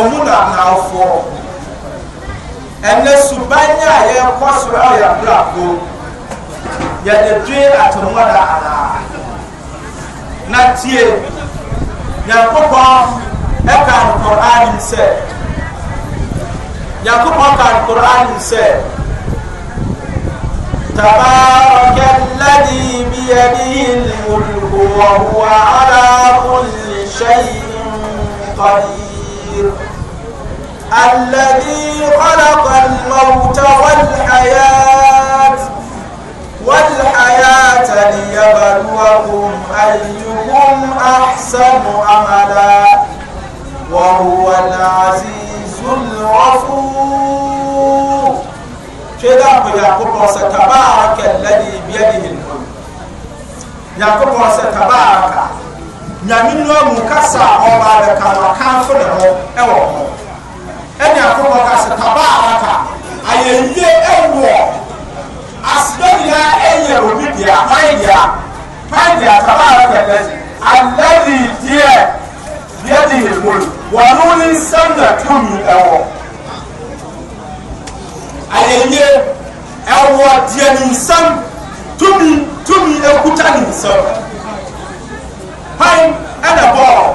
ɔmu na amanfoɔ ɛnɛ suban a yɛrekɔ soro a yɛ abrabɔ yɛde dwe atomɔda anaa na tie nyankopɔn ɛka nkɔraa nim sɛ nyankopɔn ka nkɔraa nim sɛ تبارك الذي بيده الملك وهو على كل شيء قدير الذي خلق الموت والحياة والحياة ليبلوكم أيهم أحسن عملا وهو العزيز الغفور كده قبرص تبارك الذي بيده الملك قبرص تبارك nyame no amu kasa a ɔbaa bɛka no akamfo ne ho ɛwɔ hɔ ɛne akokɔ ka sɛ tabaa baka ayɛyie ɛwɔ asedɔ nyinaa ɛyɛ obi dea hwan dea hwan dea tabaa baka dɛ alɛbi deɛ deɛ de yɛ mu wɔno ne nsɛm na tumi ɛwɔ ayɛyie ɛwɔ deɛ ne nsɛm tumi tumi ekuta ne nsɛm hann ɛna bɔɔl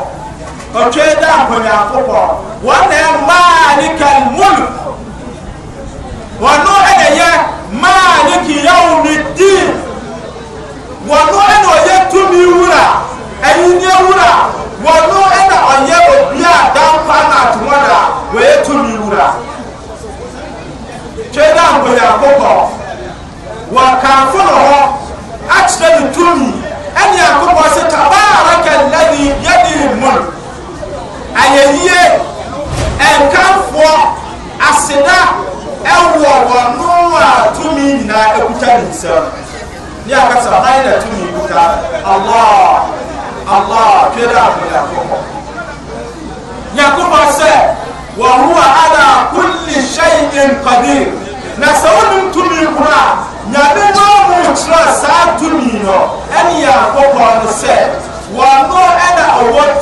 ɔtwe da nkonyafopɔ wɔn na maalika mulu wɔno ɛna yɛ maaliki yawu ne diin wɔno ɛna ɔyɛ tumi wura ɛyinie wura wɔno ɛna ɔyɛ obi a dankwa na atomɔ na wɔyɛ tumi wura twe da nkonyafopɔ wɔn kanfo na hɔ akyerɛ ne tumi ɛne akokɔ sɛ taba fi yɛdi mun ayɛ yie ɛnkanfoɔ aseda ɛwɔ wɔn no a tumi nyinaa ekuta ne nsa ne akasa han na tumi kuta allah allah twere abuja kɔkɔ nyakuba sɛ wɔn ho a ada kulli shay'in qadir na sɛ wɔn tumi kura nyame naa mu kyerɛ saa tumi no ɛne yɛ akɔkɔ no sɛ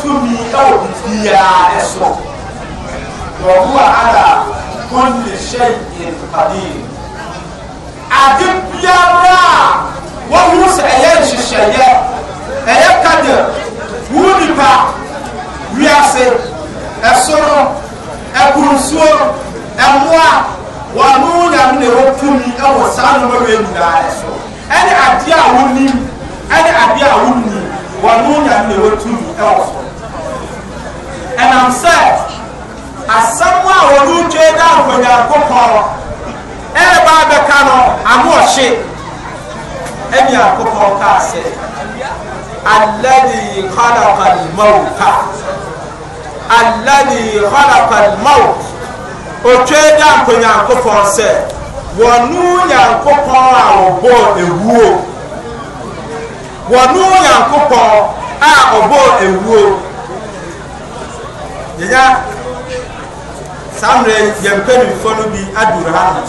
tumi ɛwɔ bibiara ɛso wɔn a ada wɔn ne hyɛ yɛn pade ade biara wɔn ho sɛ ɛyɛ nhyehyɛeɛ ɛyɛ kada wu nipa wiase ɛsoro ɛkunsuo ɛmoa wɔn nyame na ɛwɔ tumi ɛwɔ saa nneɛma wei nyinaa ɛso ɛne adeɛ a wɔnim ɛne adeɛ a wɔnnim wɔn nyame na ɛwɔ tumi ɛwɔ so. onyankopɔn ɛreba bɛka no ahoɔhye ɛne nyankopɔn kaa sɛ alladhi khalaqa almauta alladhi khalaqa almaut otwe da mpo nyankopɔn sɛ wɔno nyankopɔn a wɔbɔɔ ewuo wɔno nyankopɔn a ɔbɔɔ ewuo yɛnya saa mmerɛ yɛmpɛ ne mfa bi aduru ha